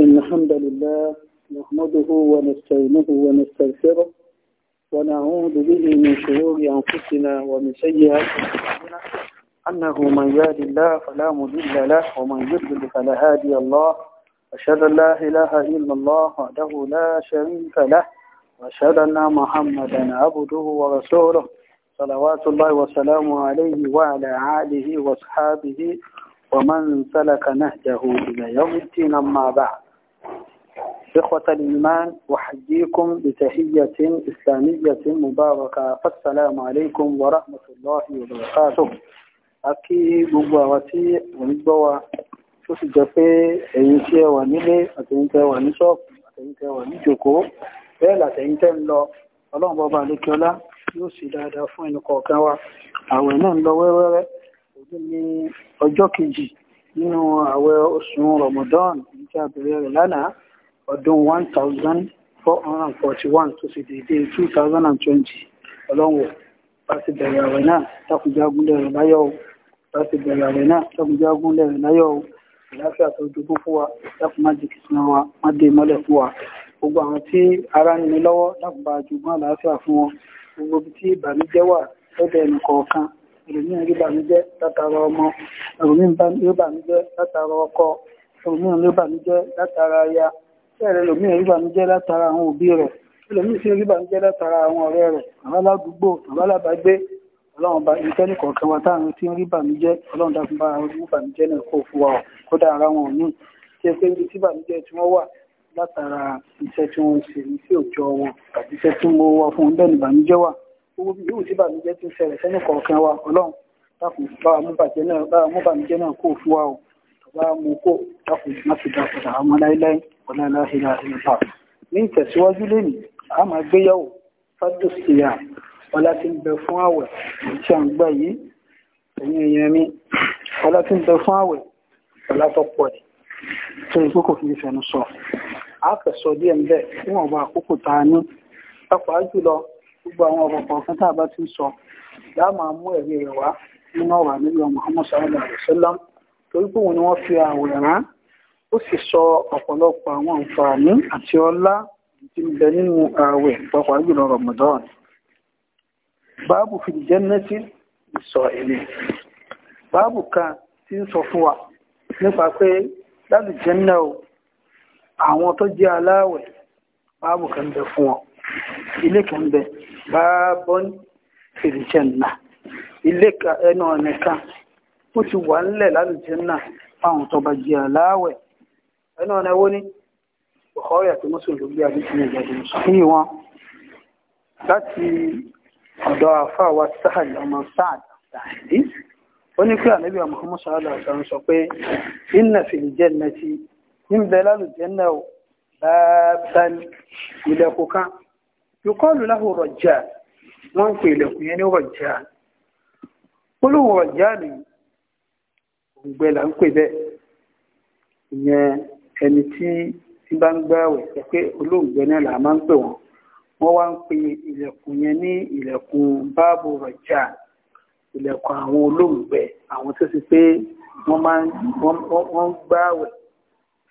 إن الحمد لله نحمده ونستعينه ونستغفره ونعوذ به من شرور أنفسنا ومن سيئات أعمالنا أنه من يهد الله فلا مضل له ومن يضلل فلا هادي الله أشهد أن لا إله إلا الله وحده لا شريك له وأشهد أن محمدا عبده ورسوله صلوات الله وسلامه عليه وعلى آله وأصحابه ومن سلك نهجه إلى يوم الدين أما بعد إخوة الإيمان أحييكم بتحية إسلامية مباركة السلام عليكم ورحمة الله وبركاته أكي بواتي ونبوا tó sì jẹ́ pé ẹ̀yin tí ẹ wà nílé àtẹ̀yin tẹ́ wà ní ṣọ́ọ̀pù àtẹ̀yin tẹ́ wà ní jòkó bẹ́ẹ̀ làtẹ̀yin tẹ́ ń lọ ọlọ́run bọ́ba àlékiọlá yóò sì dáadáa fún ẹnì kọ̀ọ̀kan wa àwẹ̀ náà ń lọ wẹ́rẹ́wẹ́rẹ́ òní ní ọjọ́ kejì nínú àwẹ̀ oṣù Ramadan tí a bẹ̀rẹ̀ rẹ̀ lánàá ọdún one thousand four hundred and forty one tó sì dédé two thousand and twenty ọlọ́wọ̀ láti bẹ̀rẹ̀ àwẹ̀ náà tákùnjá gúnlẹ̀ rẹ̀ láyọ̀ o láti bẹ̀rẹ̀ àwẹ̀ náà tákùnjá gúnlẹ̀ rẹ̀ láyọ̀ o ìlàáfíà tó dúkú fún wa láti má di kìsìnà wa má dé mọ́lẹ̀ fún wa gbogbo àwọn tí ara ń ní lọ́wọ́ láti bá jùgbọ́n àlàáfíà fún wọn gbogbo ibi tí ìbànújẹ́ wà lọ́dọ̀ ẹnì kọ̀ọ̀kan ẹlòmíì ń rí ìbànújẹ́ látara ọmọ ẹlòmíì ń rí ìbànújẹ́ látara ọkọ ẹlòmíì ń rí látara aya ẹ̀rẹ́ lòmí rí ìbànújẹ́ látara àwọn òbí rẹ̀ lòmí sí rí ìbànújẹ́ látara àwọn ọ̀rẹ́ rẹ̀ bàbá ládùúgbò bàbá lábàgbé ọlọ́run bá iṣẹ́ ní kọ̀ọ̀kan wa táwọn tí ń rí ìbànújẹ́ ọlọ́run dákun bá rí ìbànújẹ́ náà kó fún wa ọ̀ kódà ara wọn ò ní tí ẹ pé ibi tí ìbànújẹ́ tí wọ́n wà látara iṣẹ́ tí wọ́n ń ṣe ní sí òjò wọn àti iṣẹ́ tí wọ́n wá fún bẹ́ẹ̀ ní ìbànújẹ́ wà owó bí yóò sí ìbànújẹ́ bá mú ìbànújẹ́ náà kó fún wa ọ̀ bá mú kó dákun má ti dà àwọn láéláé ọ̀nà láhìlá ìlúpa ní ìtẹ̀síwájú lónìí a máa gbéyàwó fádù síyà ọlá tí ń bẹ fún àwẹ̀ tí a ń gbà yìí ẹ̀yìn èèyàn mi ọlá tí ń bẹ fún àwẹ̀ ọlá tó pọ̀ ẹ̀ tó ikú kò fi fẹnu sọ a kẹsọ díẹ̀ ń bẹ níwọ̀n bá àkókò tá ní pápá jùlọ gbogbo àwọn ọ̀rọ̀ kọ̀ọ̀kan tá a bá ti ń sọ yá máa mú ẹ̀rí rẹ̀ wá nínú ọ̀rọ̀ ànílò wa sallam torí pé òun ni wọ́n fi ó sì sọ ọ̀pọ̀lọpọ̀ àwọn àǹfààní àti ọlá tí ń bẹ nínú ààwẹ̀ pàápàá jùlọ Ramadan báàbù fil jannati ìsọ̀ èlé báàbù kan tí ń sọ fún wa nípa pé láti jẹ́nà o àwọn tó jẹ́ aláwẹ̀ báàbù kan bẹ fún ọ ilé kan bẹ báàbọ́n fil janna ilé ẹnu ọ̀nà kan ó ti wà ńlẹ̀ láti jẹ́nà fáwọn tó bá jẹ́ aláwẹ̀ ẹnu ọ̀nà ewó ní bukhari àti muslim ló gbé àdísì ní ìjọba ìṣòfin wọn láti ọ̀dọ̀ àfà wa sahad ọmọ sa'ad sa'adi ó ní pé ànábì muhammad sallallahu alaihi wasallam sọ pé inna fil jannati ń bẹ lálùjẹ́nà ò báábán ilẹ̀kùn kan yùkọ́lù lahu rọ̀jà wọ́n ń pè ilẹ̀kùn yẹn ní rọ̀jà olóhùn rọ̀jà nìyí là ń pè bẹ́ẹ̀ ìyẹn ẹni tí tí bá ń gbààwẹ̀ ẹ pé olóògbé náà là máa ń pè wọ́n wọ́n wá ń pe ilẹ̀kùn yẹn ní ilẹ̀kùn báàbù rọ̀jà ilẹ̀kùn àwọn olóògbé àwọn tó ti pé wọ́n máa ń wọ́n gbààwẹ̀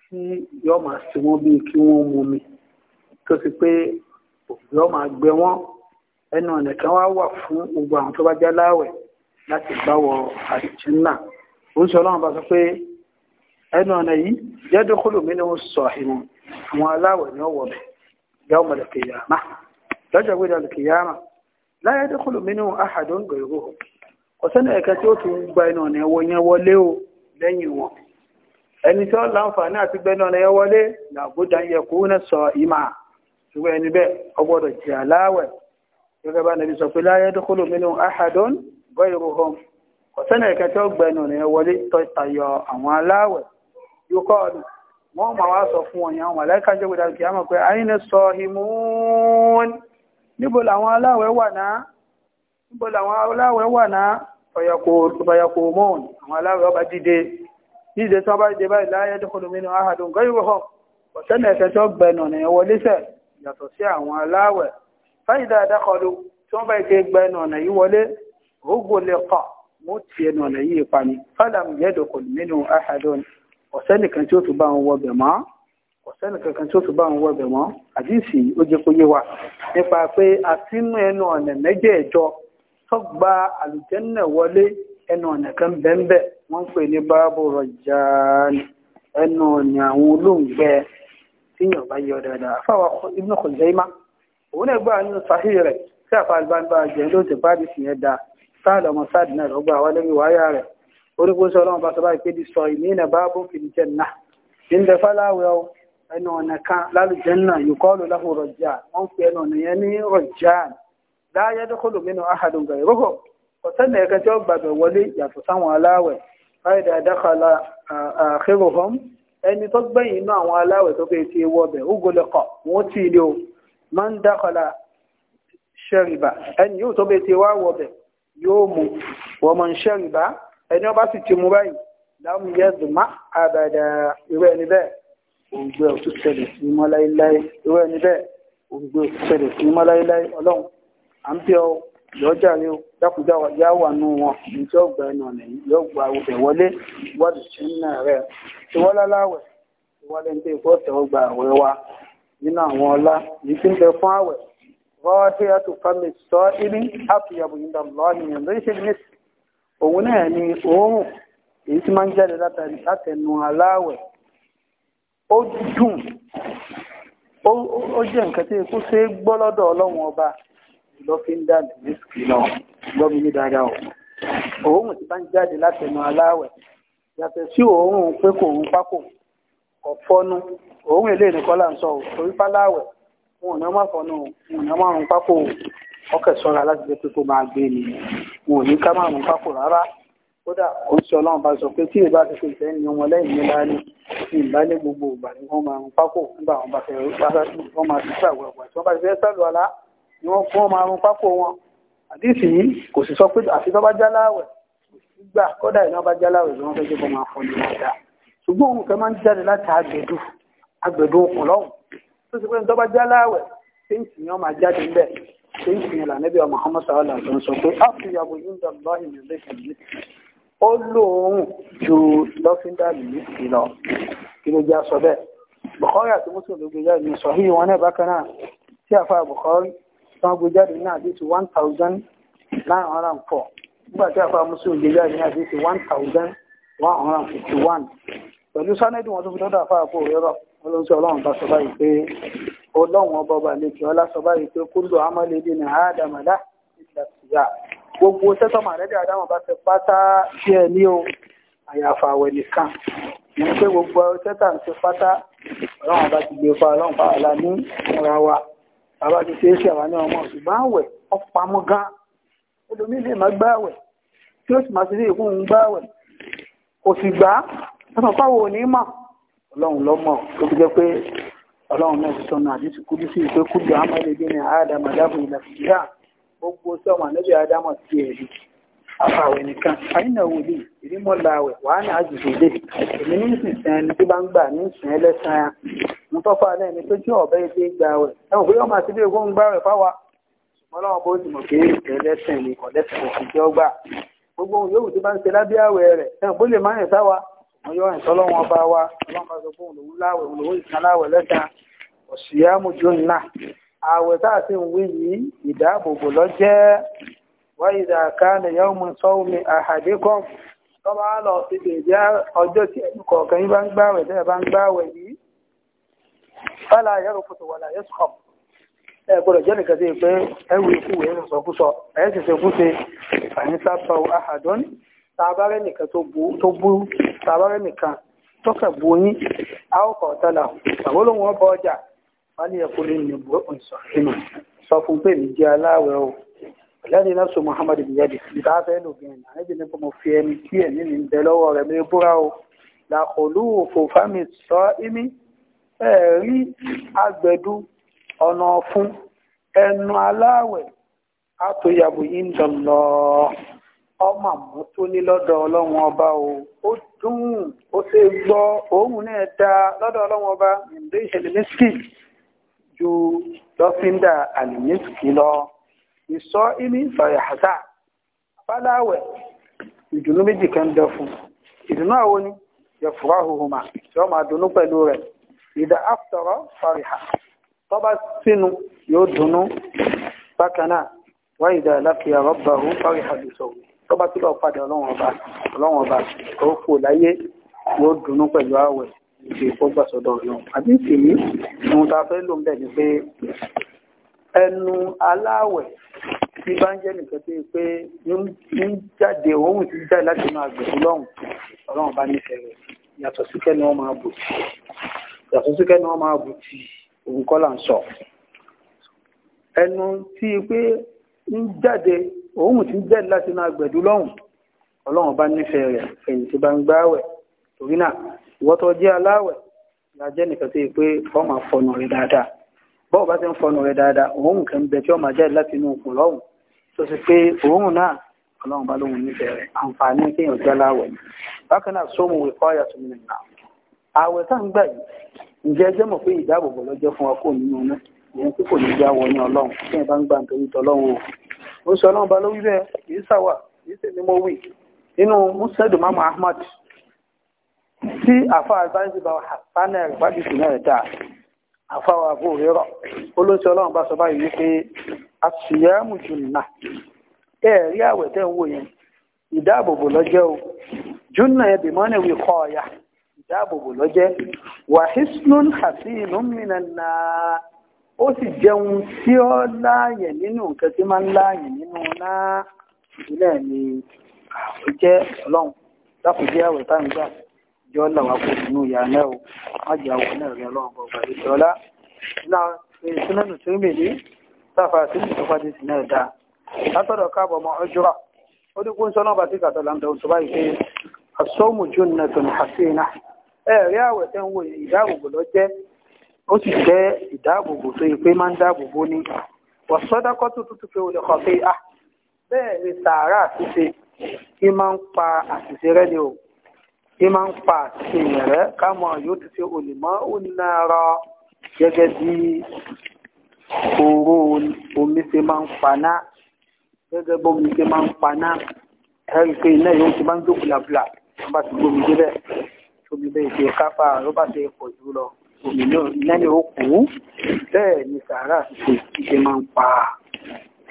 tí yóò máa ṣe wọ́n bíi kí wọ́n mu mi tó ti pé yóò máa gbẹ wọ́n ẹnu ọ̀nà kan wá wà fún gbogbo àwọn tó bá jẹ́ láwẹ̀ láti gbáwọ̀ àdìjẹ́ náà ó ọlọ́run bá sọ pé ẹnu ọ̀nà yìí yẹ́dùn kúrò mínú sọ ìmọ̀ àwọn aláwẹ̀ ní ọwọ́ bẹ̀ yàwó mọ̀lẹ̀ kìyàmá lọ́jọ́ gbé dàlù kìyàmá láyé dùn kúrò mínú àhàdùn gbèrú ọ̀sẹ́nà ẹ̀ka tí ó tún gba ẹnu ọ̀nà ẹ̀wọ̀ yẹn wọlé o lẹ́yìn wọn ẹni tí ó láǹfààní àti gbẹ́nu ọ̀nà yẹn wọlé làbúdà yẹ kó ní sọ ìmọ̀ ṣùgbọ́n ẹni bẹ́ẹ̀ ó jẹ́ aláwẹ̀ gẹ́gẹ́ bá ẹnu ọ̀nà yẹn wọlé tọ́ tayọ àwọn aláwẹ̀ yókọ́ọ̀lù wọ́n ma wá sọ fún ọ̀yàn àwọn màláíkà jẹ́ gbẹ̀dà kìí àmọ̀ pé na sọ ìmúún níbo làwọn aláwẹ̀ wà náà níbo làwọn aláwẹ̀ wà náà àwọn aláwẹ̀ ọba dìde dìde tí bá dìde báyìí láyé dẹ́kọ̀lù mínú ahàdùn gọ́yìnwó ọ̀sẹ́nà ọ̀sẹ́ nìkan tí ó tún bá ń wọ bẹ̀ mọ́ ọ̀sẹ́ nìkan kan tí ó tún bá ń wọ bẹ̀ mọ́ àdìsí ó jẹ́ kó yé wa nípa pé a ti mú ẹnu ọ̀nà mẹ́jẹ̀ẹ̀jọ tó gba àlùjẹ́nà wọlé ẹnu ọ̀nà kan bẹ́ńbẹ́ wọ́n ń pè ní báàbò rọjà ẹnu ọ̀nà àwọn olóńgbẹ tíyàn bá yọ dáadáa fáwọn Ibn Khuzaimah òun náà gbà nínú sahih rẹ̀ tí àfa àlùbáńbá jẹ́ ló ti bá àdìsí yẹn dáa sáà lọ́mọ sáà dínà orípo sọ ọlọ́run bá sọ báyìí pé di sọ ìní ìnà báàbò fil janna nígbà fáláwẹ̀ ọ ẹnu ọ̀nà kan lálùjẹ́nà yuqalu lahu rajjan wọ́n fi ẹnu ọ̀nà yẹn ní rajjan la yadkhulu minhu ahadun ghayruhu ọ̀sẹ́nà ẹ̀ka tí ó gbàgbẹ̀ wọlé yàtọ̀ sáwọn aláwẹ̀ fáyidà dakhala akhiruhum ẹni tó gbẹ̀yìn inú àwọn aláwẹ̀ tó bẹ́ẹ̀ ti wọ́ bẹ̀ ó gọlẹ̀kọ̀ wọ́n ti ilé o man dakhala shariba ẹni yóò tó bẹ́ẹ̀ ti wá wọ́ bẹ̀ yóò mú wa man shariba ẹni ọba sì ti mú báyìí láwọn yẹ zùmá àbàdà irú ẹni bẹ́ẹ̀ òǹgbẹ òtún ṣẹlẹ̀ sí mọ́ láéláé irú ẹni bẹ́ẹ̀ òǹgbẹ òtún ṣẹlẹ̀ sí mọ́ láéláé ọlọ́run à ń bí ọ lọ́jà ni ó dákúdá wa yá wà nù wọn níjọ́ ọgbà ẹnu ọ̀nà yìí yóò gba ọbẹ̀ wọlé ìwádìí sí ní ààrẹ ìwọ́lá láwẹ̀ ìwọ́lẹ̀ ń bẹ ìkọ́ tẹ̀wọ́ gba àwẹ̀ wa nínú àwọn ọlá yìí ti ń bẹ fún àwẹ̀ rọ́ọ̀dẹ́yàtò fámi sọ ibi àfihàn ìdàmúlọ́ọ̀nìyàn lóṣèlú òun náà ni òórùn èyí tí máa ń jáde látẹnu aláwẹ̀ ó dùn ó jẹ́ nǹkan tí kó ṣe gbọ́ lọ́dọ̀ ọlọ́run ọba lọ fi ń dà lọ ní dáadáa o òórùn tí bá ń jáde látẹnu aláwẹ̀ yàtọ̀ sí òórùn pé kò ń pákò ọ̀fọ́nú òórùn eléyìí nìkan là ń sọ ò fáláwẹ̀ wọn ò ní ọkẹ̀ sọ́ra láti jẹ́ pé kó máa gbé ni wọn ò ní ká máa mú pákó rárá kódà ó sọ ọlọ́run bá sọ pé tí ìbá ti fi ìfẹ́ ni wọn lẹ́yìn ní láàrin ní ìbálẹ̀ gbogbo ìgbà ni wọ́n máa mú pákó nígbà wọn bá fẹ́ wọ́n máa fi sàwọ̀ ẹ̀wà tí wọ́n bá ti fẹ́ sàlù ọ̀la ni wọ́n máa mú pákó wọn àdìsí yìí kò sì sọ pé àfi tó bá já láwẹ̀ gbà kódà iná bá já láwẹ̀ ni wọ́n fẹ́ jẹ́ kó máa fọ́n ní wọn dá òun kan máa ń jáde láti àgbẹ̀dù àgbẹ̀dù okùn lọ́hùn tó ti pé ṣe ń fi ìlànà bí ọmọ Muhammad sallallahu alaihi wasallam sọ pé áfíyàwó yíndà lọ́hìn ní ilé ìṣẹ̀lẹ̀ ó lóòrùn ju lọ́fíńdà lìlì lọ kí ló jẹ́ sọ bẹ́ẹ̀ Bukhari àti Muslim ló gbé jáde ní sọ̀hí wọn ní àdéhùn one tí àfa ọlọ́run ọba ọba lẹ́kì ọlá sọ báyìí pé kúlò amọ́lẹ́dẹ́ ní àádámọ́lá ìgbà tìyà gbogbo sẹ́tọ̀ màlẹ́dẹ́ àdámọ̀ bá ti pátá sí ẹ ní o àyàfà àwẹ̀ nìkan ní pé gbogbo sẹ́tà ń ti pátá ọlọ́run ọba ti gbé fa ọlọ́run bá àlá ní ìmúra wa bàbá ti ṣe é ṣe àwọn ọmọ ṣùgbọ́n àwẹ̀ ọ pamọ́ gan olómi lè má gbá àwẹ̀ tí ó sì máa ti rí ìkún ń gbá àwẹ̀ kò sì gbá ọ̀sán fáwọn onímọ̀ ọlọ́run lọ́mọ̀ tó fi jẹ́ pé ọlọ́run náà ti sọnù àdìsí kúlú sí ìpé kúlú amẹ́lẹ́ bí ní àádámà dábùn ilẹ̀ fìdíà gbogbo sọ́mà níbi àádámà sí ẹ̀rí afáwẹ̀ nìkan àyínà wòlíì ìrímọ̀lá wẹ̀ wàá ní àjùjù ilé èmi ní ìsìn sẹ́n ẹni tí bá ń gbà ní ìsìn ẹlẹ́sàn án ń tọ́fà náà ẹni tó jẹ́ ọ̀bẹ ilé gbà wẹ̀ ẹ̀wọ̀n pé ọmọ àti bí ogún gbà wẹ̀ fáwa ọlọ́run bó ti mọ̀ pé ẹlẹ́sìn ni ọ̀lẹ́sìn wọn yọ ìtọ́lọ́wọ́n ọba wa ọlọ́run bá sọ pé òun lòun láwẹ̀ òun lòun ìkan láwẹ̀ lẹ́ta ọ̀sìyàmù jóná àwẹ̀ tá a ti ń wí yìí ìdáàbòbò lọ jẹ́ wáyé ìdàká nìyẹn mú sọ́wọ́mi àhàdékọ́ tọ́ba á lọ sí bèbí ọjọ́ tí ẹnu kọ̀ọ̀kan yín bá ń gbàwẹ̀ tẹ́ ẹ bá ń gbàwẹ̀ yìí fẹ́lá yẹ́rù kùtù wọ̀lá yẹ́sùkọ̀ ẹ gbọ́dọ̀ jẹ́ nìkan sí pé ẹwù ikú wẹ̀ ẹ̀ sọ̀kúsọ ẹ̀ sì ṣe kúṣe àyín sábà àhàdọ́ni tàbárẹ́ nìkan tó burú tàbárẹ́ nìkan tọ́kẹ̀ bu yín àwọ̀kọ̀ ọ̀tọ́là àbólóhùn ọba ọjà wálé ẹ̀kọ́ lè ní ìbúrò ìsọ̀ nínú sọ fún pé mi jẹ́ aláwẹ̀ o lẹ́ni náà sọ Muhammad biyadi ìta fẹ́ lògìn náà níbi nípa mo fi ẹni kí ẹ̀mí mi ń bẹ lọ́wọ́ rẹ̀ mi búra o làkọ̀lù òfòfámi sọ ímí ẹ̀rí agbẹ̀dú ọ̀nà ọ̀fun ẹnu aláwẹ̀ àtòyàbò yìí ń dọ̀lọ́ọ̀ ọmọ mú tó ní lọ́dọ̀ ọlọ́run ọba o ó dùn ó ṣe gbọ́ òórùn náà da lọ́dọ̀ ọlọ́run ọba ìdè ìṣẹ̀lẹ̀mẹ́sìkì ju lọ́fíńdà àlìmẹ́sìkì lọ ìsọ ìmí ìsọ̀rọ̀ àṣà fáláwẹ̀ ìdùnnú méjì kan bẹ fún ìdùnnú àwọn ni yẹfura huhuma tí wọ́n máa dunnú pẹ̀lú rẹ̀ ìdá áfùtọ̀rọ̀ fariha tọ́ba sínú yóò dunnú bákan náà wáyé ìdá lákìyà rọ́bà hù fariha bìsọ̀rọ̀ tọ́ba tí lọ́ọ́ padà ọlọ́run ọba ọlọ́run ọba tó kù láyé yóò dunnú pẹ̀lú ààwẹ̀ ìfì ìfọ́gbàsọ́dọ̀ ọ̀nà àbí ìfìmí ohun tá a fẹ́ lò ń bẹ̀ ni pé ẹnu aláwẹ̀ tí bá ń jẹ́ nìkan tí pé ń jáde òun ti jáde láti máa gbẹ̀rù lọ́hùn ọlọ́run bá nífẹ̀ẹ́ rẹ̀ yàtọ̀ sí kẹ́ni wọ́n máa bù tì yàtọ̀ sí kẹ́ni wọ́n máa bù tì òun kọ́ là ń sọ ẹnu tí pé ń jáde òun ti bẹ́ẹ̀ láti máa gbẹ̀dú lọ́hùn ọlọ́run bá nífẹ̀ẹ́ rẹ̀ fẹ̀yìntì bá ń gbáwẹ̀ torí náà ìwọ tó jẹ́ aláwẹ̀ la jẹ́ nìkan tó yẹ pé wọ́n máa fọnù rẹ̀ dáadáa bọ́ọ̀ bá ti ń fọnù rẹ̀ dáadáa òun kàn ń bẹ tí ó máa jáde láti inú òkun lọ́hùn tó sì pé òun náà ọlọ́run bá lóhun nífẹ̀ẹ́ rẹ̀ àǹfààní kéèyàn jẹ́ aláwẹ̀ bákan náà sóhun ìkọ́ àyà tó nìyẹn àwẹ̀ tá ń gbà yìí ǹjẹ́ ẹjẹ́ mọ̀ pé ìdáàbòbò lọ́jọ́ fún wa kò nínú náà ìyẹn tí kò ní já wọ ní ọlọ́run tí ẹ bá ń gbà nítorí tọlọ́run o ó sọ ọlọ́run bá ló wí bẹ́ẹ̀ kì í sàwà kì í sì ní mo wí nínú musnad mamu ahmad tí àfa àgbáyé bá hasanẹ rẹ bá dìbò náà dà àfa wa bò rírọ olóńsọ ọlọ́run bá sọ báyìí wípé àṣìyàmù jùnà ẹ rí àwẹ̀ tẹ́ ń wò yẹn ìdáàbòbò lọ́jẹ́ o jùnà ẹbí mọ́nà wí kọ́ ọ̀yà ìdáàbòbò lọ́jẹ́ wàhísùn hasinun minan nar ó sì jẹun tí ó láàyẹ̀ nínú nǹkan tí máa ń láàyẹ̀ nínú náà ìpínlẹ̀ ni ó jẹ́ ọlọ́run lákòójẹ́ àwẹ̀ táwọn gbà jọ làwọn kò sínú ìyá náà o má jẹ́ àwọn náà rẹ ọlọ́run bọ̀ pàdé ìṣọ́lá iná ìṣúná tó mèlé sáfà sí ìṣọ́pàdé sí náà dáa látọ̀dọ̀ káàbọ̀ mọ́ ọjọ́ra ó ní kó ń sọ́nà bá sí kàtọ́ làǹdà oṣù báyìí pé asọ́mù jóná tó ní àṣẹ náà ẹ̀rí àwẹ̀ tẹ́ ń wòye ìdáàbòbò lọ jẹ́ ó sì jẹ́ ìdáàbòbò tó yẹ pé máa ń dáàbòbò ní wọ̀sọ́dákọ́ tó tútù pé olè kọ́ pé ah bẹ́ẹ̀ ni sàárà ṣíṣe kí máa ń pa àṣìṣe rẹ ni o kí máa ń pa àṣìṣe yẹn rẹ káàmọ́ yóò ti ṣe olè mọ́ ó nára gẹ́gẹ́ bí oró omi ṣe máa ń paná gẹ́gẹ́ bí omi ṣe máa ń paná ẹ̀rí pé iná yóò ti máa ń jó bùlàbùlà ló bá ti gbómi débẹ̀ tóbi bẹ́ẹ̀ ṣe kápá ló bá ṣe pọ̀ jù lọ òmìnira lẹ́yìn òkú bẹ́ẹ̀ ni sàárà ṣe ṣe máa ń pa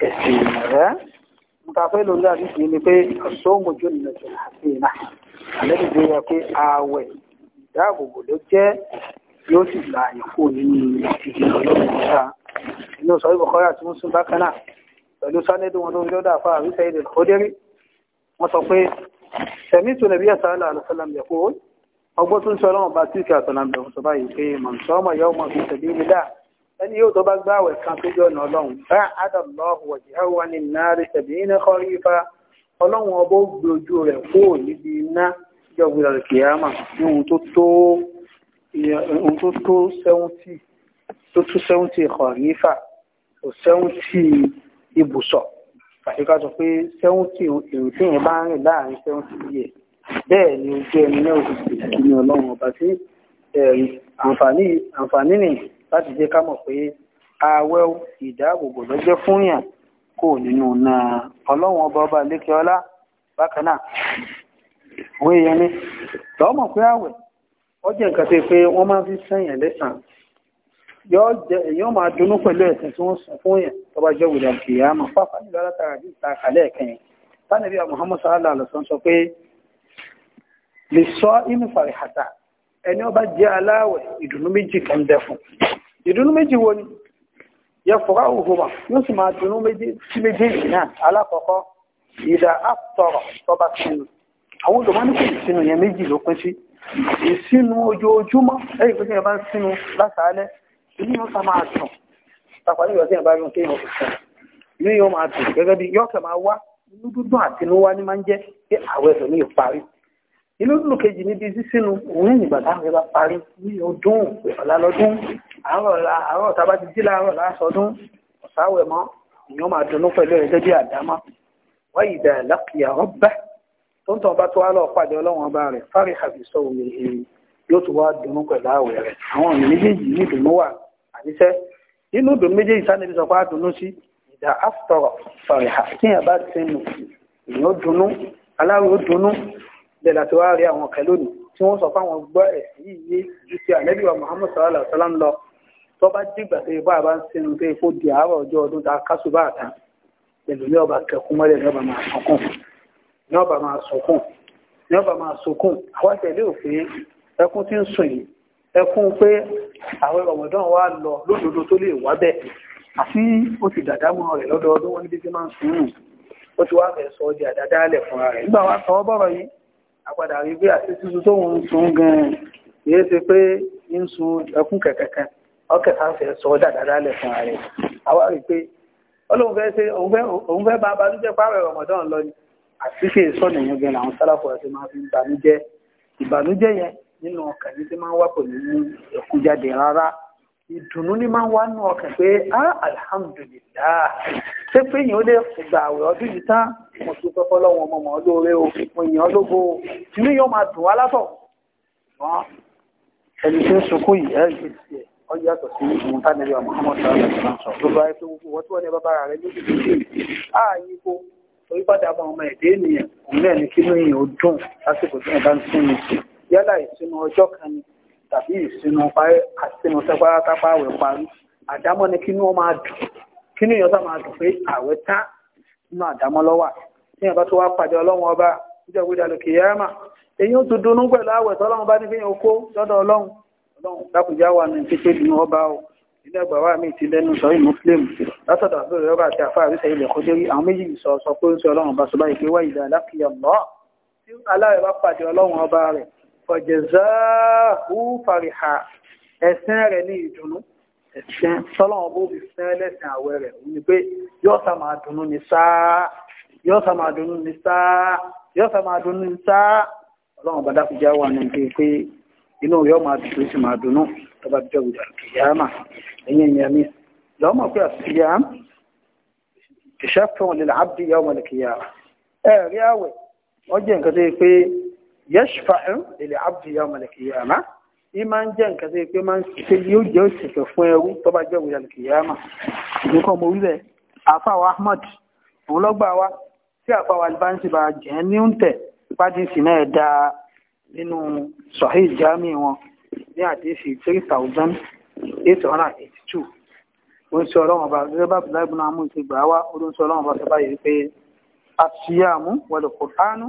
ẹ̀sìn rẹ̀ nípa pé lórí àdúgbò ni pé sọ́mọ́jọ́ nìyànjọ́ àti ìlà àlẹ́bí tó yẹ pé ààwẹ̀ ìdáàbòbò ló jẹ́ yóò sì là àyànkó nínú ìdíje inú sọ ìbọ̀kọ́rà tí wọ́n sún bákan náà pẹ̀lú sánẹ́dù wọn lórí lọ́dọ̀ àfa àríṣẹ́ ìdè kódérí wọ́n sọ pé sẹ̀mí tùnẹ̀bí ẹ̀sán ọgbọ́n tó ń sọ ọlọ́run bá tíìkì àtọ̀nà bẹ̀rù tó bá yìí pé mọ̀nsọ́mọ̀ yóò mọ̀ fún tẹ̀lé mi dá ẹni yóò tó bá gbáwẹ̀ kan tó jọ ọ̀nà ọlọ́run bá adàlọ́hùn wọ̀jì àwọn ní nàárì tẹ̀lé iná kọrí ifá ọlọ́run ọbọ̀ gbé ojú rẹ̀ kó níbi iná jọ gbéra kìyàmà ní ohun tó tó sẹ́wọ́ntì tó tó sẹ́wọ́ntì kọrí ifá kò sẹ́wọ́ntì ibùsọ̀ àti ká sọ pé sẹ́wọ́ntì èrò tí yẹn bá ń rìn láàrin sẹ́wọ́ntì yìí bẹ́ẹ̀ ni ojú ẹni náà ò sì sì ní ọlọ́run ọba sí àǹfààní àǹfààní nì láti jẹ́ ká mọ̀ pé ààwẹ̀ ìdáàbòbò lọ́jọ́ fún yàn kò nínú náà ọlọ́run ọba ọba lékè ọlá bákan náà òun èèyàn ni lọ́mọ̀ pé ààwẹ̀ ó jẹ́ nǹkan tó pé wọ́n máa fi sẹ́yìn lẹ́sàn yóò jẹ èèyàn máa dunnú pẹ̀lú ẹ̀sìn tí wọ́n sọ fún yàn tó bá jẹ́ wùdà kìí àmọ́ pàápàá nílò alátara bí ìta àkàlẹ̀ ẹ̀kẹyìn tánàbí Muhammad sallallahu alaihi wasallam sọ pé lè sọ inú fàríhàtà ẹni ọba jẹ́ aláwẹ̀ ìdùnnú méjì kan bẹ fún ìdùnnú méjì wo ni yẹ fọ́ra òhùmọ̀ yóò sì máa dùnnú sí méjèèjì náà alákọ̀ọ́kọ́ ìdá àtọ̀rọ̀ tọ́ba sínú àwọn olùmọ́ ní kò ìsinú yẹn méjì ló pín sí ìsinú ojoojúmọ́ lẹ́yìn pé yẹn bá ń sínú lásàálẹ̀ inú yóò sá máa dùn tàpá nígbà tí yẹn bá yọ sọ inú yóò máa dùn gẹ́gẹ́ bí yọ́ọ̀kẹ́ inú dùn kejì níbi sísínú òun ní ìgbà táwọn ìbá parí ní ọdún ọ̀la lọ́dún àárọ̀ tábà ti dí láàárọ̀ lásọdún ọ̀sáwẹ̀ mọ́ èèyàn máa dunnú pẹ̀lú ẹ̀jẹ̀ bí àdámọ́ wáyé ìdá ìlàkìyà ọba tó ń tàn bá tó wá lọ pàdé ọlọ́wọ́n ọba rẹ̀ fárí àbísọ̀ omi yóò tún wá dunnú pẹ̀lú àwẹ̀ rẹ̀ àwọn ọ̀nà méjèèjì ní ìdùnnú wà àníṣẹ́ inú ìdùnnú méjèèjì sánẹ́bí sọ pé á sí ìdá áfítọ̀rọ̀ fàrẹ̀hà kíyàn bá ti ń dunnú aláwọ̀ dunnú bẹ́ẹ̀ láti wá rí àwọn kẹlónì tí wọ́n sọ fáwọn gbọ́ ẹ̀sìn yìí yé ju ti ànábì wa Muhammad sallallahu alaihi wasallam lọ tó bá dìgbà tó yẹ bá a bá ń sinú tó yẹ kó di àárọ̀ ọjọ́ ọdún tá a kásù bá a tán pẹ̀lú ní ọba kẹkún mọ́lẹ̀ ní ọba máa sọkún ní ọba máa sọkún ní ọba máa sọkún àwọn tẹ̀lé òfin ẹkún tí ń sùn yìí ẹkún pé àwọn ọmọdán wa lọ lódodo tó lè wá bẹ́ẹ̀ àti ó ti dàdámọ́ rẹ̀ lọ́dọọdún wọn níbi tí máa ń sùn ó ti wá fẹ́ sọ ọjà dáadáa lẹ̀ fúnra rẹ̀ nígbà wa sọ ọ bọ̀rọ̀ yìí àpadà rí pé àti sísun tó ń sun gan-an kìí ṣe pé ń sun ẹkún kẹ̀kẹ̀kan ọkẹ̀ kan fẹ́ sọ dáadáa lẹ̀ fún ààrẹ àwa rí pé ọlọ́run fẹ́ ṣe òun fẹ́ bá abalújẹ́ pààrọ̀ rọ̀mọ̀dán lọ ni àti ṣe ìsọ̀nà yẹn gan làwọn sálàfọ̀ ẹ̀ ṣe máa fi ìbànújẹ́ ìbànújẹ́ yẹn nínú ọkàn yìí ṣe máa ń wá pẹ̀lú ẹkún jáde rárá ìdùnnú ní máa ń wá nù ọkàn pé á alhamdulillah ṣé pé èèyàn ó lè gbà àwẹ̀ ọdún yìí tán mo tún fẹ́ fọ́lọ́wọ́n ọmọ mọ́ lóore o mo èèyàn lógo o inú yóò máa dùn wá látọ̀ ṣùgbọ́n ẹni tí ń sunkún yìí ẹ̀rí ti tiẹ̀ ọ yàtọ̀ sí ìwọ̀n tánilẹ̀ ọmọ ọmọ sọ̀rọ̀ sọ tó bá yẹ pé wọ́n tí wọ́n ní bàbá rẹ̀ lójú tó ṣe ààyè kó torí padà bá ọmọ ẹ̀dẹ́ ènìyàn òun náà ní kí lóyìn ó dùn lásìkò tí wọ́n bá ń sinmi yálà ìsinmi ọjọ́ kan ni tàbí ìsinú àtinú sẹ́párátápá àwẹ̀ parí àdámọ́ ni kínú ọmọ àdùn kínú ìyọ́sà máa dùn pé àwẹ̀ tá nínú àdámọ́ lọ́wà tí ìyàbá tó wá pàdé ọlọ́run ọba níjọ́ ìwé ìdàlù kìyàmà èyí ó tún dunnú pẹ̀lú àwẹ̀ tọ́lọ́run bá ní fi okó lọ́dọ̀ ọlọ́run ọlọ́run dákùjá wà ní pípé nínú ọba o ilé ẹgbà wa mi ti lẹ́nu sọ ìmú fílẹ̀mù látọ̀dọ̀ àbúrò rọ́bà àti àfáà àríṣà ilẹ̀ kó dérí àwọn méjì sọ sọ pé ó ń sọ ọlọ́run ọba sọ báyìí pé wáyìí dáadáa kìyàmọ́ tí aláàrẹ̀ bá pàdé ọlọ́run ọba rẹ̀ ọ̀jẹ̀záhù fàríhà ẹ̀sìn rẹ̀ ní ìdùnnú ẹ̀sìn sọ́lọ́wọ́n bó fi sẹ́ lẹ́sìn àwẹ̀ rẹ̀ wọ́n ni pé yóò sá máa dùnnú ní sáà yóò sá máa dùnnú ní sáà yóò sá máa dùnnú ní sáà ọlọ́run bàdá fi jáwọ́ àná nǹkan pé inú yóò máa dùn tó sì máa yashfa'u lil abdi yawm al-qiyamah yìí máa ń jẹ́ nǹkan tó yẹ pé máa ń ṣe yóò jẹ́ òṣìṣẹ́ fún ẹrú tó bá jẹ́ òwúrọ̀ al-qiyamah nǹkan mọ̀ wílẹ̀ àfàwọ̀ ahmad òun lọ́gbà wa tí àfàwọ̀ alibansi bá jẹ́ ní ń tẹ̀ pàdísì náà dá nínú sahih jami wọn ní àdéhìsì three thousand eight hundred and eighty two oṣù ọlọ́run ọba gẹ́gẹ́ bá bùdá ìbùnà amúṣe gbà wá olóṣù ọlọ́run ọba tó bá yẹ pé àṣìyàmú wal Qur'anu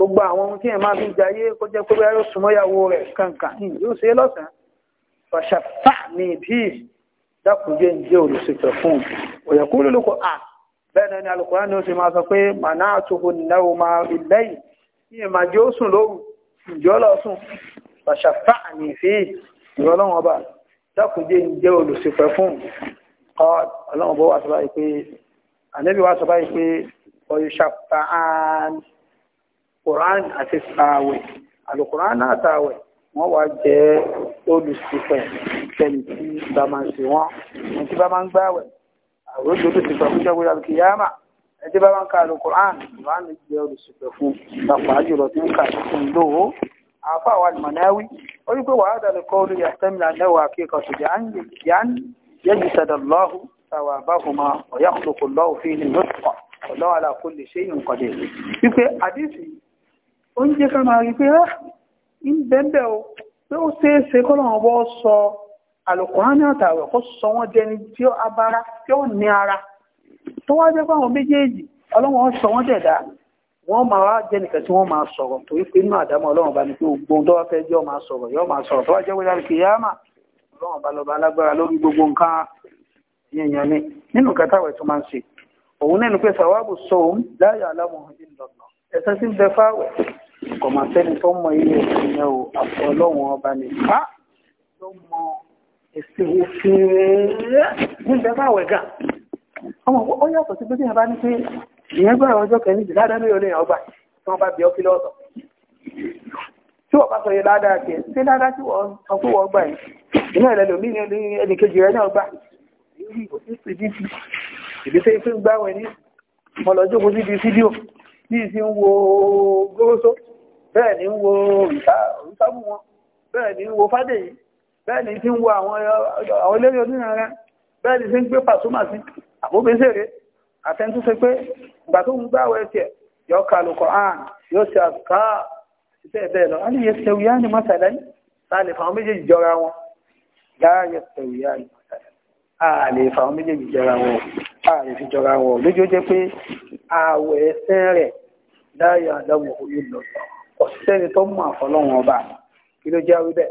gbogbo àwọn ohun tí ẹ̀ máa fi jayé kó jẹ́ pé bẹ́ẹ̀ ló súnmọ́ ìyàwó rẹ̀ kankan yóò ṣe é lọ́sàn-án fàṣàfà ní ìbí dákùnjẹ́ ń jẹ́ olùsètò fún òyẹ̀kú lólùkọ́ à bẹ́ẹ̀ náà ni alùkùrá ni ó sì máa sọ pé màná àtòkò nìdáwó máa ilẹ̀ yìí máa jẹ́ ó sùn lóru ìjọ lọ sùn fàṣàfà ní ìfì ìrọ̀ ọlọ́run ọba dákùnjẹ́ ń jẹ́ olùsètò fún ọlọ́run ọba wà quran àti sàwẹ̀ alukuran àtàwẹ̀ wọ́n wá jẹ́ olùsìpẹ̀ tẹ̀lé tí bá máa ṣe wọ́n ẹni tí bá máa ń gbáwẹ̀ àwọn olùsìpẹ̀ fún jẹ́ gbéra kìyàmà ẹni tí bá máa ń ka alukuran quran jẹ́ olùsìpẹ̀ fún pàpà jùlọ tí ń kà fún lówó àfa àwọn alìmọ̀náwí ó ní pé wàá dàlẹ̀ kọ́ olú yàtẹ́mìlà lẹ́wọ̀ akẹ́kọ̀ọ́ ó ń jẹ́ ká máa rí pé á ah, ń bẹ́ẹ̀bẹ́ o pé ó ṣeé ṣe kọ́ lọ́wọ́ bọ́ sọ àlùkùránì àtàwẹ̀ kó sọ wọ́n jẹni tí ó abara tí ó ní ara tó wá jẹ́ fáwọn méjèèjì ọlọ́wọ́n sọ wọ́n dẹ̀dá wọ́n máa wá jẹ́ nìkan tí wọ́n máa sọ̀rọ̀ torí pé nínú àdámọ́ ọlọ́run bá ní pé ògbóhun tó wá fẹ́ jẹ́ ọ máa sọ̀rọ̀ yọ máa sọ̀rọ̀ tó wá jẹ́ wíyá kì í yá mà ọlọ́run bá alágbára lórí gbogbo nǹkan yẹnyẹn ni nínú nǹkan táwọn ẹ̀tún máa ń ṣe òun náà ní pé sàwábù sọ òun láyà aláwọ̀ ìlọ́nà ẹ̀sán sí ń bẹ fáwẹ̀ kọ̀mọ̀ sẹ́ni tó mọ ilé ẹ̀sìn náà àpò ọlọ́run ọba nìfà tó mọ ẹ̀sìn òfin rẹ̀ níbẹ̀ bá wẹ̀ gà ọmọ ó yàtọ̀ sí pé tí ìyàbá ní pé ìyẹn gbà ọjọ́ kẹ́ni jù ládàá mẹ́rin olóyìn ọgbà tí wọ́n bá bí ọkí lọ́sọ̀ tí wọ́n bá sọ yẹ ládàá kẹ́ sí ládàá tí wọ́n sọ pé wọ́n gbà yìí inú ẹ̀rẹ́ lòmí ní ẹnì kejì rẹ̀ náà gbà ìgbésẹ̀ ìfún gbáwẹ̀ ní mọ̀lọ́jọ́ kò sí di fídíò ní ìsìn wo górósó bẹ́ẹ̀ ni ń wo òrùsábù wọn bẹ́ẹ̀ ni ń wo fádèyí bẹ́ẹ̀ ni ti ń wo àwọn eléré oníran bẹ́ẹ̀ ni ti ń gbé pàṣúmà sí àbóbésèrè àtẹ́ntú ṣe pé ìgbà tó ń gbáwẹ̀ tiẹ̀ yóò ka lùkọ̀ àn yóò ṣe àbùká ìṣẹ́ bẹ́ẹ̀ lọ aláyẹ sẹ̀wìyá ni mọ́sàlẹ́ ní sáàlè fàwọn méjèèjì jọra wọn láàyè sẹ̀wìyá ni mọ́sàlẹ́ fàwọn méjèèjì jọra wọn àlè fi jọra wọn lójó pé àwẹ̀ ẹsẹ̀ rẹ̀ láàyè àdáwọ̀ oyún lọ́sọ̀ọ́ ọ̀sẹ́ni tó mú àfọlọ́wọn ọba kí ló jẹ́ wíbẹ̀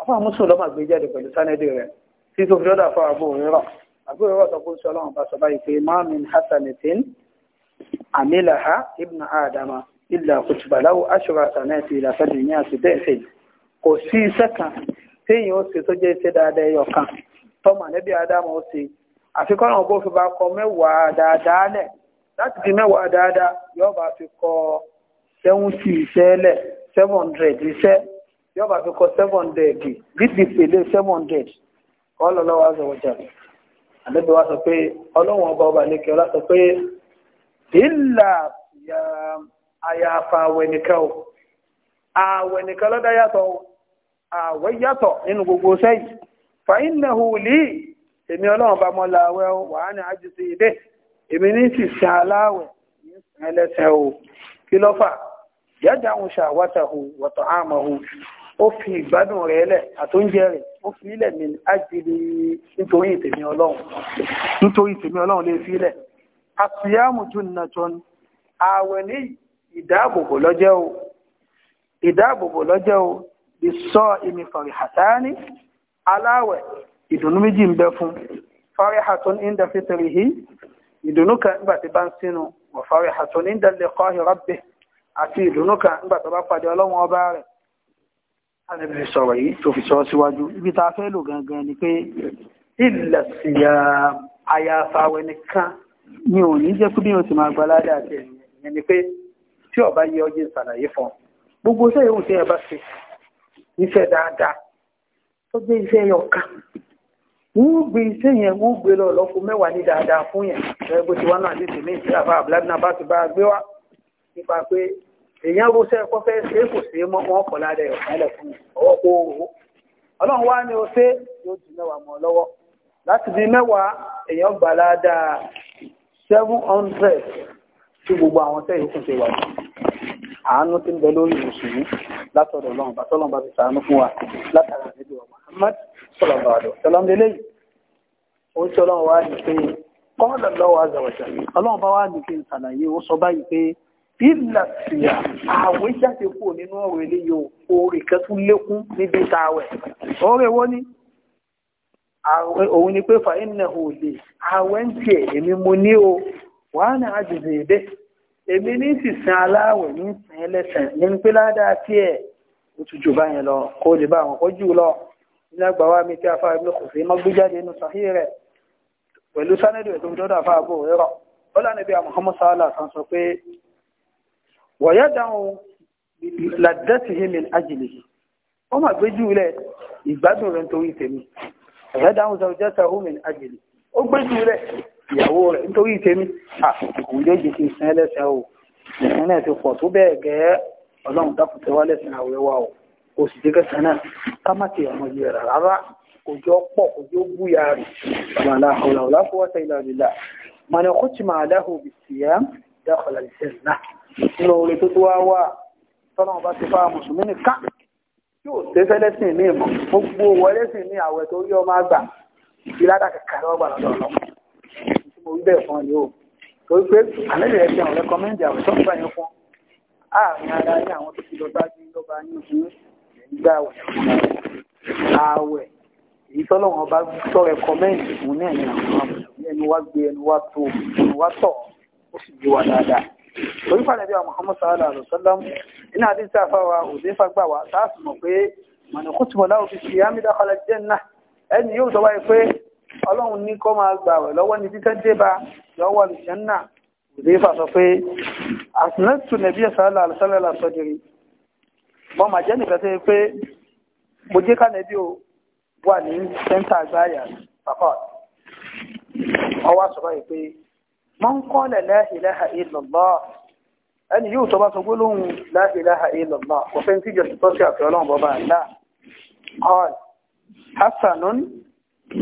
afáà mùsùlùmí lọ́mà gbé jáde pẹ̀lú sánẹ́dì rẹ̀ tí tó fi lọ́dọ̀ afáà bò rírọ̀ àbúrò rírọ̀ tó kó sọ ọlọ́run bá sọ báyìí pé mamin hasanatin amilaha ibn adama illa kutuba lahu ashura sanati ní àtúntẹ̀ kò sí iṣẹ́ kan téèyàn ó ṣe tó jẹ́ iṣẹ́ dáadáa ẹyọ kan tọ́mọ níbi adama ó ṣe àfikọ́ náà fi bá kọ mẹ́wàá dáadáa lẹ̀ láti fi mẹ́wàá dáadáa yóò fi kọ́ ọ sẹ́wọ́ntì ìṣẹ́lẹ̀ seven hundred iṣẹ́ yọba fi kọ seven hundred bíbí pèlè seven hundred ọlọ́lọ́wọ́ aṣọ ọjà àdébí wa sọ pé ọlọ́wọ́n ọba ọba lẹ́kẹ́ ọlá sọ pé ìlà àyàfà àwẹ̀nìkan o àwẹ̀nìkan lọ́dá yàtọ̀ o àwẹ̀ yàtọ̀ nínú gbogbo sẹ́yìn fàyínà hùlì èmi ọlọ́run bá mọ́ láwẹ́ o wà á ní àjùsí ìdè èmi ní sì sàn aláwẹ̀ ní sàn ẹlẹ́sẹ̀ o kí lọ́fà yájà ń ṣàwátàhù wọ̀tọ̀ àmàhù ó fi ìgbádùn rẹ̀ lẹ̀ àtóúnjẹ rẹ̀ ó fi ilẹ̀ mi ájìlì nítorí ìtẹ̀mí ọlọ́run nítorí ìtẹ̀mí ọlọ́run lè fi ilẹ̀ àṣìyàmù jùnàjọ́n ààwẹ̀ ní ìdáàbòbò lọ́jẹ́ o ìdáàbòbò lọ́jẹ́ o lè sọ èmi fàrí hàtáni aláwẹ̀ ìdùnnú méjì ń bẹ fún fàrí hàtún ìndà fitri yìí ìdùnnú kan nígbà bá ń sínú wà fàrí hàtún ìndà liqahi rabbih àti ìdùnnú kan nígbà tó bá pàdé ọlọ́wọ́n ọba rẹ̀ alẹ́bí sọ̀rọ̀ yìí tó fi sọ síwájú ibi tá a fẹ́ lò gangan ni pé ilẹ̀ sí àyàfà àwẹ̀ nìkan ni ò ní jẹ́ kúbí òsì máa gbaládà àti ẹ̀yìn ni pé tí ọba yẹ ọjọ́ ìsàlàyé fún gbogbo iṣẹ́ ìhùn tí ẹ bá ṣe iṣẹ́ dáadáa tó gbé iṣẹ́ yọ ká wọ́n gbé iṣẹ́ yẹn wọ́n gbé lọ lọ́kùn mẹ́wàá ní dáadáa fún yẹn bó ti wá náà lè tèmi ìṣẹ́ àbá àbúládínà bá ti bá gbé wá nípa pé èèyàn rúṣẹ́ kọ́ fẹ́ ṣe kò sí mọ́ wọn kọ̀ lára ẹ̀ ọ̀pẹ́lẹ̀ fún ọwọ́ kó owó ọlọ́run wá ní o ṣe yóò di mẹ́wàá mọ́ lọ́wọ́ láti di mẹ́wàá èèyàn gbà ládàá seven hundred tí gbogbo àwọn tẹ́ ìyókùn ṣe wà àánú tí ń bẹ lórí mùsùlùmí látọ̀dọ̀ ọlọ́run bá tọ́lọ́run bá fi ṣàánú fún wa látara níbi wa Muhammad sọlọ́ba àdọ̀ sọlọ́m lélẹ́yìn ó ń ṣe ọlọ́run wá ní pé kọ́ ọlọ́run wá zàwọ̀ṣà ọlọ́run bá wá ní kí n ṣàlàyé ó sọ báyìí pé bíbélà síyà àwẹ̀ jáde kúrò nínú ọ̀rọ̀ eléyìí oore kan tún lékún níbi ìtawẹ̀ oore wo ni òun ni pé fàínà òde àwẹ̀ ń tiẹ̀ èmi mo ní o wàhánà àjèjì èdè èmi ní sísan aláwẹ̀ ní sàn ẹlẹ́sàn ní pé ládàá tiẹ̀ ó tún jù báyẹn lọ kó lè bá àwọn kọjú lọ ní agbáwá mi tí afárá ibi kò sí mọ́ gbé jáde nínú sàhíì rẹ̀ pẹ̀lú sánẹ́dì rẹ̀ tó ń dọ́dọ̀ afárá bò rẹ̀ rọ̀ ó lánàá bí wọ̀yẹ́dàrún làdẹ́tìhìmì ajílì ó mà gbé jùlẹ̀ ìgbádùn rẹ̀ nítorí tèmi wọ̀yẹ́dàrún zọjẹ́ta omi ajílì ó gbé jùlẹ̀ ìyàwó rẹ̀ nítorí tèmi o ìsìn ti pọ̀ tó bẹ́ẹ̀ gẹ́ ọlọ́run dákùtẹ́ wá lẹ́sìn àwẹ̀ wa o kò sì jẹ́ kẹsàn náà ká má ti ọmọ yìí rẹ̀ rárá kò jọ pọ̀ kò jọ búyà rẹ̀ wàlá ọ̀làwọ̀lá fọwọ́sẹ̀ ìlàlílà mọ̀nà kó máa dáhùn dákọ̀lá ìṣẹ̀lá nínú orí tó tó wá wà tọ́nà ọba ti fáwọn mùsùlùmí nìkan yóò ṣe fẹ́lẹ́sìn ní ìmọ̀ gbogbo wọlẹ́sìn ní àwẹ̀ tó yọ máa gbà ìlàdà kẹkẹ lọ́gbà lọ́dọ̀ ọ̀nà tí mo rí bẹ́ẹ̀ fún yìí o torí pé àlejò ẹgbẹ́ àwọn rẹkọmẹ́ndì àwẹ̀ tó ń gbà yín fún àárín ara ní àwọn tó ti lọ sáájú lọ́ba yín fún ìgbà àwẹ̀ èyí tọ́lọ́wọ́n bá tọ́ rẹkọmẹ́ndì fún ní ẹ̀yìn àwọn ọmọ ẹni wá gbé ẹni wá tó ẹni wá tọ̀ ó sì gbé wa dáadáa torí fàlẹ́bí wa muhammad sallallahu alayhi wa sallam nínú àdéhùn tí a fà wa òde fà gbà wá tá a sì mọ̀ pé mọ̀nà kó tìmọ̀ láwọn fi ṣìyá mi dákọ̀lá jẹ́ náà ẹni yóò sọ wáyé pé ọlọ́run ní kó máa gbà wẹ̀ lọ́wọ́ ní títẹ́ dé bá lọ́wọ́ àlùjẹ́ náà òde fà sọ pé àsìnàtù sallallahu alayhi wa sallam sọ́dìrì mọ́ màá jẹ́ nìkan tó yẹ mo jẹ́ ká nàbí o wà ní sẹ́ńtà àgbáyà pàpà ọwọ́ àsọ̀rọ̀ yìí pé man qala la ilaha illallah ẹni yóò tọ́ bá sọ gbólóhùn la ilaha illallah òfin tí jẹ́sì tọ́sí àfi ọlọ́run bọ́bá ńlá qal hasanun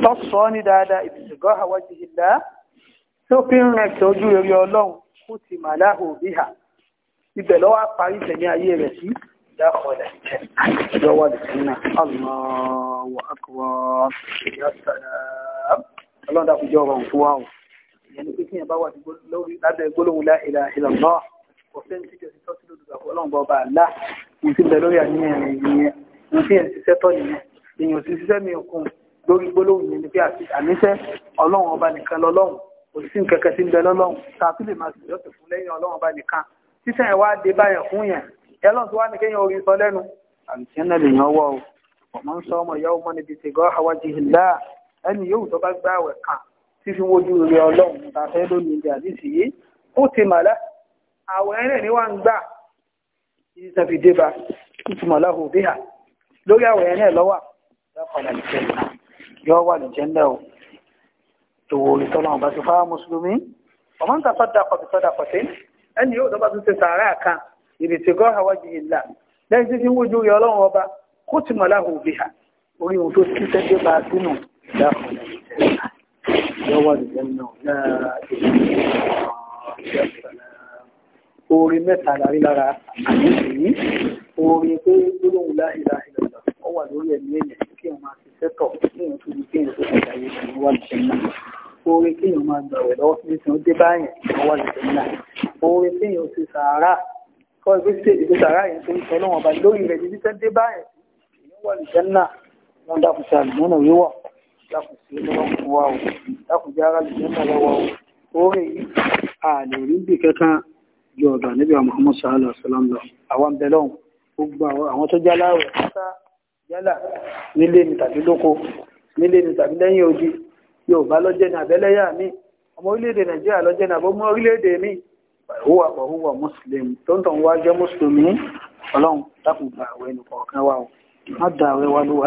tọ́sọ ní dáadáa ibtigha wajhillah tó fi ń rẹ̀ kí ojú rere ọlọ́run kutima lahu biha ibẹ̀ lọ́wọ́ parí ìtẹ̀mí ayé rẹ̀ sí دخل الجنة دخل الجنة الله أكبر يا سلام الله دخل جوابهم فواو ìyẹn ni pé kí yẹn bá wà lábẹ́ gbólóhùn la ilaha illallah ọ̀sẹ̀ ní tíjọ́ ti tọ́ sí lòdùgbà fún ọlọ́run bọba àlá mo ti bẹ̀ lórí àníyàn rẹ̀ ìyẹn mo ti yẹn ṣiṣẹ́ tọ́ nìyẹn èèyàn ti ṣiṣẹ́ mi òkun lórí gbólóhùn yẹn ni pé àníṣẹ́ ọlọ́run ọba nìkan lọ́lọ́run òṣìṣẹ́ nkẹ́kẹ́ ti ń bẹ lọ́lọ́run tá a tún lè máa sì yọ̀tẹ̀ fún lẹ́yìn ọlọ́run ọba nìkan ṣíṣẹ́ yẹn wá dé báyẹn fún yẹn ẹlọ́run tó wá ní kéèyàn orin sọ lẹ́nu àlùsíẹ́nà lèèyàn wọ̀ ọ́ ọmọ ń sọ ọmọ fífi wojú rẹ ọlọ́run tàfẹ́ lónìí ìdí àdìsí yìí ó ti màlá àwẹ̀ rẹ̀ ní wọ́n ń gbà yìí sàfi débà tútù màlá hù bí hà lórí àwẹ̀ rẹ̀ lọ́wà yọ wà ní jẹ́ndẹ̀ o tòwò olùtọ́lọ́run bá ti fá mùsùlùmí ọmọ ń tàfà dàpọ̀ tó sọ́dà pọ̀tẹ́ ẹni yóò dọ́gba tó ti sàárà kan ìrètí gọ́ àwájú ìlà lẹ́yìn tí fi ń wojú rẹ ọlọ́run ọba kó ti màlá hù bí hà orí ohun tó ti sẹ́ lọ́wọ́ ìjẹ́nà náà orin mẹ́ta lárí lára àdéhùn orin pé gbólóhùn láìlà ìlànà ó wà lórí ẹ̀mí èèyàn kí wọ́n máa ṣiṣẹ́ tọ̀ kí wọ́n tún kí yìí ṣùgbọ́n wà lóṣẹ̀ náà orin kí máa gbàwẹ̀ lọ́wọ́ lọ́wọ́ dákun sí lọ́wọ́ fún wa o dákun jẹ́ ara lè mẹ́ta lọ́wọ́ o orí a lè rí bí kankan ju ọ̀dọ̀ níbi Muhammad sallallahu alaihi wasallam lọ àwọn ń bẹ lọ́hùn gbogbo àwọn tó jálá rẹ̀ pátá yálà nílé ni tàbí lóko nílé ni tàbí lẹ́yìn odi Yorùbá lọ́jẹ́ ní abẹ́lẹ́yà mi ọmọ orílẹ̀-èdè Nàìjíríà lọ́jẹ́ ní abọ́mọ orílẹ̀-èdè mi huwa kwa huwa muslim tonton wa jẹ́ mùsùlùmí ọlọ́run dákùn gbà àwẹ̀ nìkọ̀ọ̀kan wa o má dà àwẹ̀ wa ló wà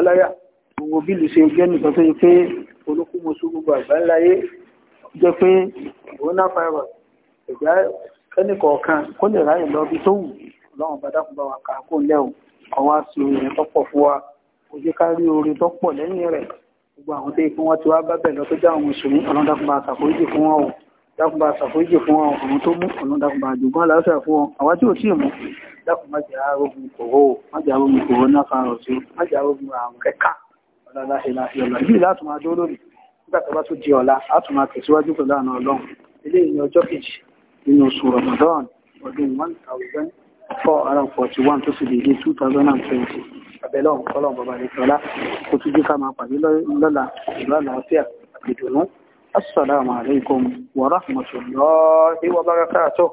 gbogbo bílù ṣe jẹ́ nìkan tó yẹ pé olókùnmọ̀ṣù gbogbo àgbáńláyé jẹ́ pé coronavirus ẹ̀já ẹnìkọ̀ọ̀kan kó lè ráyè lọ bí tó wù lọ́wọ́n bá dákun bá wa kà á kó lẹ́wọ̀n kan wá sí orin tó pọ̀ fún wa kò jẹ́ ká rí orin tó pọ̀ lẹ́yìn rẹ̀ gbogbo àwọn tó yẹ kí wọ́n ti wá bá bẹ̀ lọ tó já àwọn mùsùlùmí ọlọ́run dákun bá ṣàforíjì fún wọn o dákun bá ṣàforíjì fún wọn ọ̀run tó mú ọ̀run dákun bá àjùgbọ́n aláṣà fún wọn àwa tí ò tí ì mú dákun má jẹ́ àrògùn kòró má jẹ́ àrògùn ọ̀làlá ìlà ìlà yìí láti máa dó lónìí nígbà tó bá tún di ọ̀la a tún máa tẹ̀síwájú pẹ̀lú àna ọlọ́run eléyìí ní ọjọ́ kejì nínú oṣù Ramadan ọdún one thousand four hundred forty one tó sì lè dé two thousand and twenty abẹ́lẹ́ ọ̀hún kọ́lọ̀ bàbá rẹ̀ tọ́lá kó tún jí ká máa pàdé lọ́la ìlú àlàáfíà ìdùnnú assalamu alaikum wa rahmatullahi wa barakatuh